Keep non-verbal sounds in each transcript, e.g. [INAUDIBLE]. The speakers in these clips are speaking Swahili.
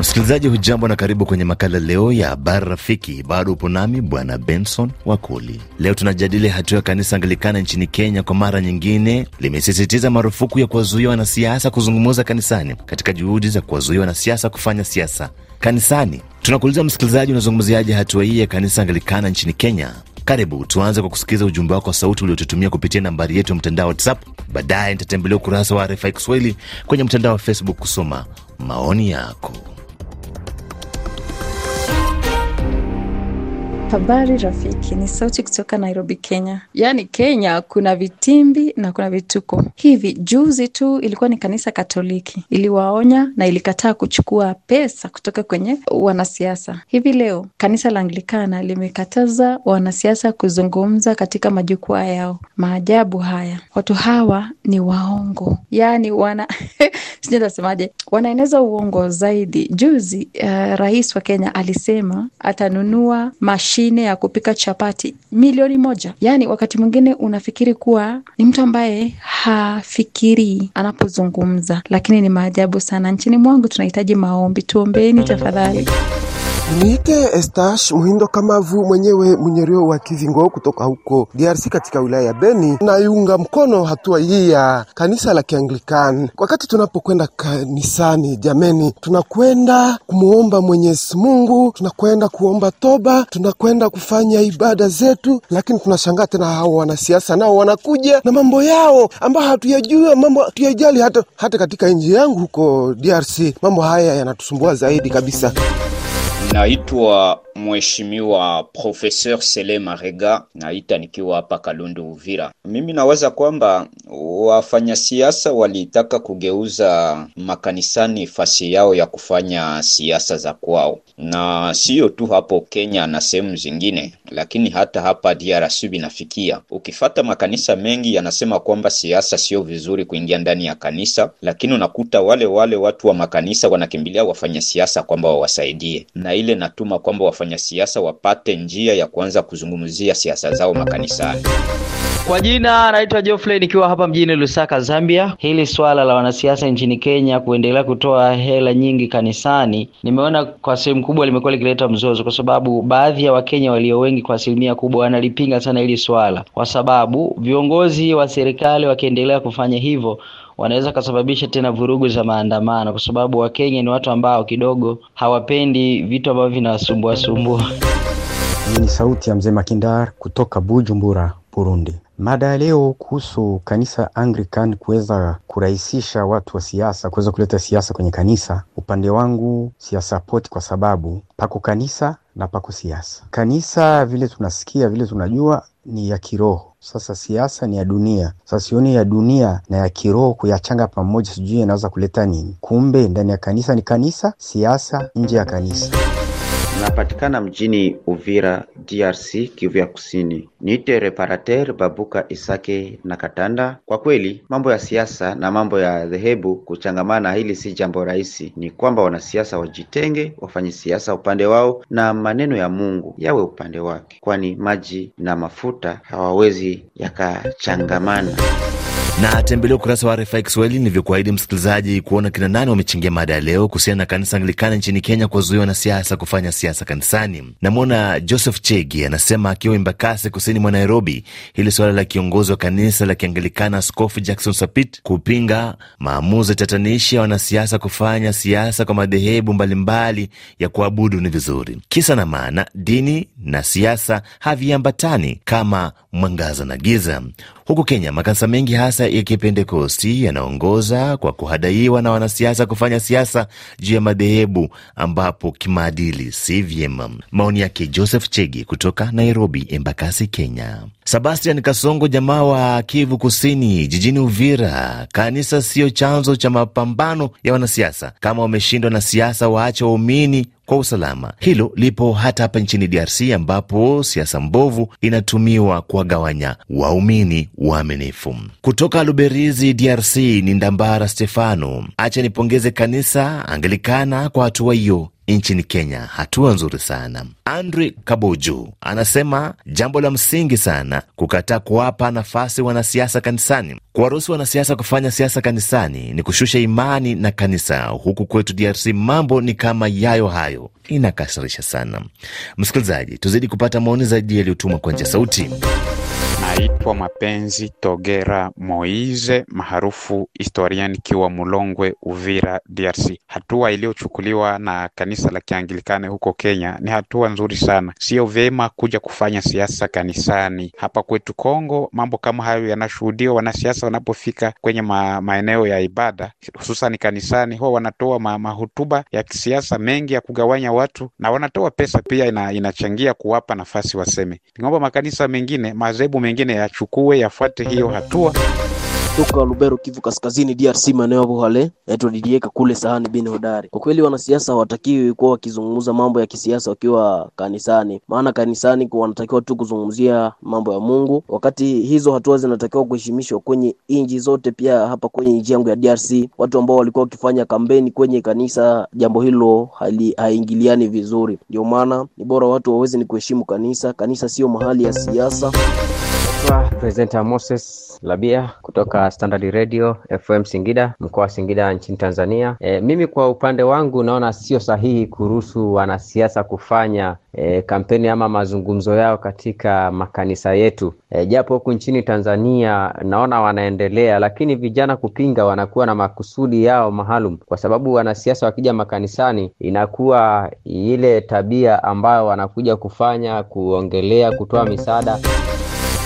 Msikilizaji hujambo na karibu kwenye makala leo ya habari rafiki. Bado upo nami bwana Benson Wakoli. Leo tunajadili hatua ya kanisa Anglikana nchini Kenya kwa mara nyingine limesisitiza marufuku ya kuwazuia wanasiasa kuzungumza kanisani katika juhudi za kuwazuia wanasiasa kufanya siasa kanisani. Tunakuuliza msikilizaji, unazungumziaje hatua hii ya kanisa Anglikana nchini Kenya? Karibu tuanze kwa kusikiliza ujumbe wako wa sauti uliotutumia kupitia nambari yetu ya mtandao WhatsApp. Baadaye nitatembelea ukurasa wa RFI Kiswahili kwenye mtandao wa Facebook kusoma maoni yako. Habari rafiki, ni sauti kutoka Nairobi, Kenya. Yaani Kenya kuna vitimbi na kuna vituko. Hivi juzi tu ilikuwa ni kanisa Katoliki iliwaonya na ilikataa kuchukua pesa kutoka kwenye wanasiasa. Hivi leo kanisa la Anglikana limekataza wanasiasa kuzungumza katika majukwaa yao. Maajabu haya! Watu hawa ni waongo, yaani wana [LAUGHS] sijui nitasemaje, wanaeneza uongo zaidi. Juzi uh, rais wa Kenya alisema atanunua mash mashine ya kupika chapati milioni moja. yani wakati mwingine unafikiri kuwa ni mtu ambaye hafikiri anapozungumza, lakini ni maajabu sana. Nchini mwangu tunahitaji maombi, tuombeeni tafadhali. Niite Estash Muhindo Kamavu, mwenyewe mwenyerio wa Kivingo kutoka huko DRC katika wilaya ya Beni. Naiunga mkono hatua hii ya kanisa la Kianglikani. Wakati tunapokwenda kanisani, jameni, tunakwenda kumwomba Mwenyezi Mungu, tunakwenda kuomba toba, tunakwenda kufanya ibada zetu, lakini tunashangaa tena hao wanasiasa nao wanakuja na mambo yao ambayo hatuyajua, mambo hatuyajali. Hata, hata katika nchi yangu huko DRC mambo haya yanatusumbua zaidi kabisa. Naitwa Mheshimiwa Profeseur Sele Marega, naita nikiwa hapa Kalundu, Uvira. Mimi nawaza kwamba wafanyasiasa walitaka kugeuza makanisani fasi yao ya kufanya siasa za kwao, na siyo tu hapo Kenya na sehemu zingine, lakini hata hapa DRC binafikia. Ukifata makanisa mengi yanasema kwamba siasa sio vizuri kuingia ndani ya kanisa, lakini unakuta wale wale watu wa makanisa wanakimbilia wafanya siasa kwamba wawasaidie na vile natuma kwamba wafanyasiasa wapate njia ya kuanza kuzungumzia siasa zao makanisani. Kwa jina naitwa Geoffrey nikiwa hapa mjini Lusaka, Zambia. Hili swala la wanasiasa nchini Kenya kuendelea kutoa hela nyingi kanisani, nimeona kwa sehemu kubwa limekuwa likileta mzozo, kwa sababu baadhi ya Wakenya walio wengi kwa asilimia kubwa wanalipinga sana hili swala, kwa sababu viongozi wa serikali wakiendelea kufanya hivyo wanaweza kasababisha tena vurugu za maandamano, kwa sababu Wakenya ni watu ambao kidogo hawapendi vitu ambavyo vinawasumbuasumbua. Ni sauti ya mzee Makindar kutoka Bujumbura, Burundi. Mada ya leo kuhusu kanisa Anglican kuweza kurahisisha watu wa siasa kuweza kuleta siasa kwenye kanisa. Upande wangu siyasapoti, kwa sababu pako kanisa na pako siasa. Kanisa vile tunasikia vile tunajua ni ya kiroho. Sasa siasa ni ya dunia. Sasa sioni ya dunia na ya kiroho kuyachanga pamoja, sijui inaweza kuleta nini. Kumbe ndani ya kanisa ni kanisa, siasa nje ya kanisa. Napatikana mjini Uvira, DRC, Kivu ya Kusini. Niite reparateur Babuka Isake na Katanda. Kwa kweli mambo ya siasa na mambo ya dhehebu kuchangamana, hili si jambo rahisi. Ni kwamba wanasiasa wajitenge, wafanye siasa upande wao na maneno ya Mungu yawe upande wake, kwani maji na mafuta hawawezi yakachangamana na tembelea ukurasa wa RFI Kiswahili vyokuahidi msikilizaji, kuona kina nani wamechangia mada ya leo kuhusiana na kanisa Anglikana nchini Kenya kuwazuia wanasiasa kufanya siasa kanisani. Namwona Joseph Chegi anasema akiwa Embakasi, kusini mwa Nairobi, hili suala la kiongozi wa kanisa la Kianglikana Askofu Jackson Sapit kupinga maamuzi tatanishi ya wanasiasa kufanya siasa kwa madhehebu mbalimbali ya kuabudu ni vizuri. Kisa na maana, dini na siasa haviambatani kama mwangaza na giza. Huku Kenya, makanisa mengi hasa ya Kipentekosti yanaongoza kwa kuhadaiwa na wanasiasa kufanya siasa juu ya madhehebu ambapo kimaadili si vyema. Maoni yake Joseph chege kutoka Nairobi, Embakasi, Kenya. Sebastian Kasongo, jamaa wa Kivu Kusini, jijini Uvira: kanisa siyo chanzo cha mapambano ya wanasiasa. Kama wameshindwa na siasa, waache waumini kwa usalama. Hilo lipo hata hapa nchini DRC ambapo siasa mbovu inatumiwa kuwagawanya waumini waaminifu. Kutoka Luberizi, DRC ni Ndambara Stefano. Acha nipongeze kanisa Anglikana kwa hatua hiyo nchini Kenya. Hatua nzuri sana. Andre Kaboju anasema jambo la msingi sana kukataa kuwapa nafasi wanasiasa kanisani. Kuwaruhusu wanasiasa kufanya siasa kanisani ni kushusha imani na kanisa. Huku kwetu DRC mambo ni kama yayo hayo, inakasirisha sana. Msikilizaji, tuzidi kupata maoni zaidi yaliyotumwa kwa njia sauti. Naitwa Mapenzi Togera Moize maarufu historia, nikiwa Mulongwe, Uvira, DRC. Hatua iliyochukuliwa na kanisa la kiangilikane huko Kenya ni hatua nzuri sana. Sio vyema kuja kufanya siasa kanisani. Hapa kwetu Kongo mambo kama hayo yanashuhudiwa. Wanasiasa wanapofika kwenye ma maeneo ya ibada, hususan kanisani, huwa wanatoa ma mahutuba ya kisiasa mengi ya kugawanya watu, na wanatoa pesa pia, ina inachangia kuwapa nafasi waseme. Ningeomba makanisa mengine, madhehebu mengine mengine yachukue, yafuate hiyo hatua kutoka Lubero, Kivu Kaskazini, DRC, maeneo hapo hale naitwa Didieka kule Sahani bin Hodari. Kwa kweli, wanasiasa hawatakiwi kuwa wakizungumza mambo ya kisiasa wakiwa kanisani, maana kanisani wanatakiwa tu kuzungumzia mambo ya Mungu, wakati hizo hatua zinatakiwa kuheshimishwa kwenye inji zote. Pia hapa kwenye nchi yangu ya DRC, watu ambao walikuwa wakifanya kampeni kwenye kanisa, jambo hilo haingiliani vizuri. Ndio maana ni bora watu waweze ni kuheshimu kanisa. Kanisa sio mahali ya siasa. Presenter Moses Labia kutoka Standard Radio FM Singida, mkoa wa Singida nchini Tanzania. E, mimi kwa upande wangu naona sio sahihi kuruhusu wanasiasa kufanya e, kampeni ama mazungumzo yao katika makanisa yetu. E, japo huku nchini Tanzania naona wanaendelea, lakini vijana kupinga wanakuwa na makusudi yao maalum, kwa sababu wanasiasa wakija makanisani inakuwa ile tabia ambayo wanakuja kufanya, kuongelea, kutoa misaada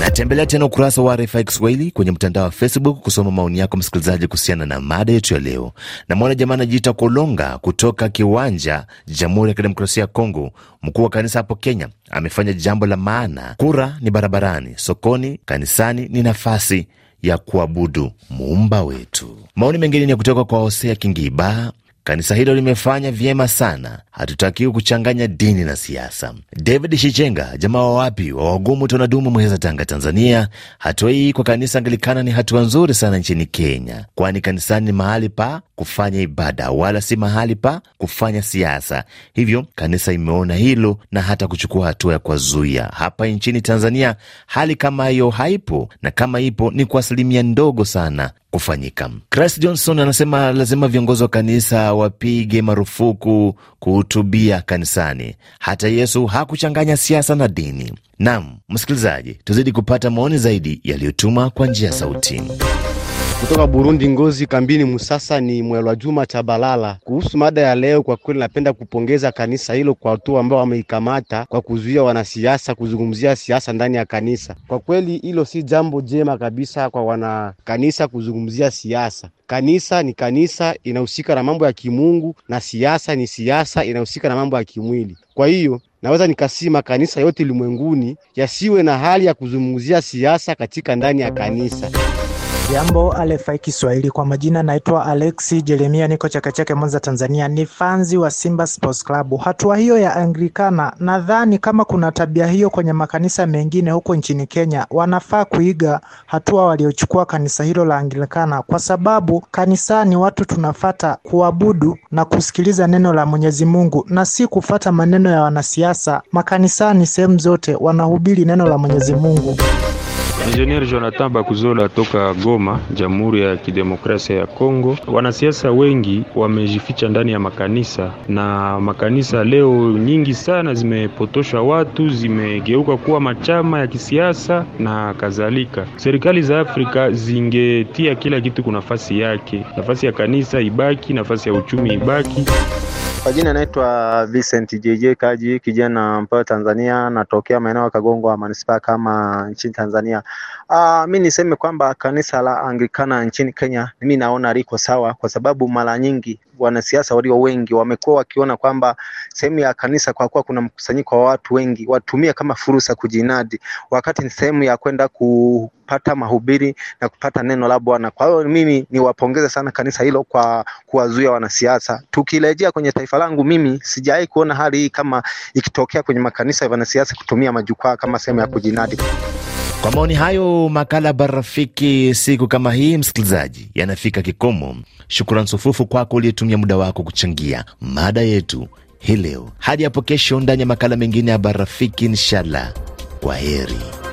Natembelea tena ukurasa wa RFI Kiswahili kwenye mtandao wa Facebook kusoma maoni yako msikilizaji, kuhusiana na mada yetu ya leo. Namwona jamaa anajiita Kolonga kutoka Kiwanja, Jamhuri ya Kidemokrasia ya Kongo. Mkuu wa kanisa hapo Kenya amefanya jambo la maana. Kura ni barabarani, sokoni, kanisani, ni nafasi ya kuabudu muumba wetu. Maoni mengine ni ya kutoka kwa Hosea Kingiba Kanisa hilo limefanya vyema sana, hatutakiwi kuchanganya dini na siasa. David Shichenga, jamaa wa wapi wa wagumu tunadumu, mweheza Tanga, Tanzania. Hatua hii kwa kanisa Anglikana ni hatua nzuri sana nchini Kenya, kwani kanisani ni mahali pa kufanya ibada, wala si mahali pa kufanya siasa. Hivyo kanisa imeona hilo na hata kuchukua hatua ya kuwazuia. Hapa nchini Tanzania hali kama hiyo haipo, na kama ipo ni kwa asilimia ndogo sana kufanyika. Chris Johnson anasema lazima viongozi wa kanisa wapige marufuku kuhutubia kanisani. Hata Yesu hakuchanganya siasa na dini. Naam msikilizaji, tuzidi kupata maoni zaidi yaliyotuma kwa njia ya sauti kutoka Burundi, Ngozi kambini Musasa ni Mwelwa Juma Chabalala. Kuhusu mada ya leo, kwa kweli napenda kupongeza kanisa hilo kwa hatua ambao wameikamata kwa kuzuia wanasiasa kuzungumzia siasa ndani ya kanisa. Kwa kweli hilo si jambo jema kabisa kwa wanakanisa kuzungumzia siasa. Kanisa ni kanisa, inahusika na mambo ya kimungu, na siasa ni siasa, inahusika na mambo ya kimwili. Kwa hiyo naweza nikasima kanisa yote ulimwenguni yasiwe na hali ya kuzungumzia siasa katika ndani ya kanisa. Jambo alefai Kiswahili, kwa majina naitwa Alexi Jeremia, niko Chakechake, Mwanza, Tanzania. Ni fanzi wa Simba Sports Club. Hatua hiyo ya Anglikana, nadhani kama kuna tabia hiyo kwenye makanisa mengine huko nchini Kenya, wanafaa kuiga hatua waliochukua kanisa hilo la Anglikana, kwa sababu kanisani watu tunafata kuabudu na kusikiliza neno la Mwenyezi Mungu na si kufata maneno ya wanasiasa. Makanisani sehemu zote wanahubiri neno la Mwenyezi Mungu. Injinia Jonathan Bakuzola toka Goma, Jamhuri ya Kidemokrasia ya Kongo. Wanasiasa wengi wamejificha ndani ya makanisa na makanisa leo nyingi sana zimepotosha watu, zimegeuka kuwa machama ya kisiasa na kadhalika. Serikali za Afrika zingetia kila kitu kuna nafasi yake, nafasi ya kanisa ibaki, nafasi ya uchumi ibaki. Kwa jina naitwa Vincent JJ Kaji, kijana mpaka Tanzania, natokea maeneo ya Kagongo manispaa kama nchini Tanzania. Uh, mi niseme kwamba kanisa la Anglikana nchini Kenya mi naona liko sawa, kwa sababu mara nyingi wanasiasa walio wengi wamekuwa wakiona kwamba sehemu ya kanisa, kwa kuwa kuna mkusanyiko wa watu wengi, watumia kama fursa kujinadi, wakati ni sehemu ya kwenda kupata mahubiri na kupata neno la Bwana. Kwa hiyo mimi niwapongeze sana kanisa hilo kwa kuwazuia wanasiasa. Tukirejea kwenye taifa langu, mimi sijawahi kuona hali hii kama ikitokea kwenye makanisa ya wanasiasa kutumia majukwaa kama sehemu ya kujinadi. Kwa maoni hayo, makala barafiki siku kama hii, msikilizaji, yanafika kikomo. Shukrani sufufu kwako uliyetumia muda wako kuchangia mada yetu hii leo. Hadi hapo kesho, ndani ya makala mengine ya Barafiki, inshallah. Kwa heri.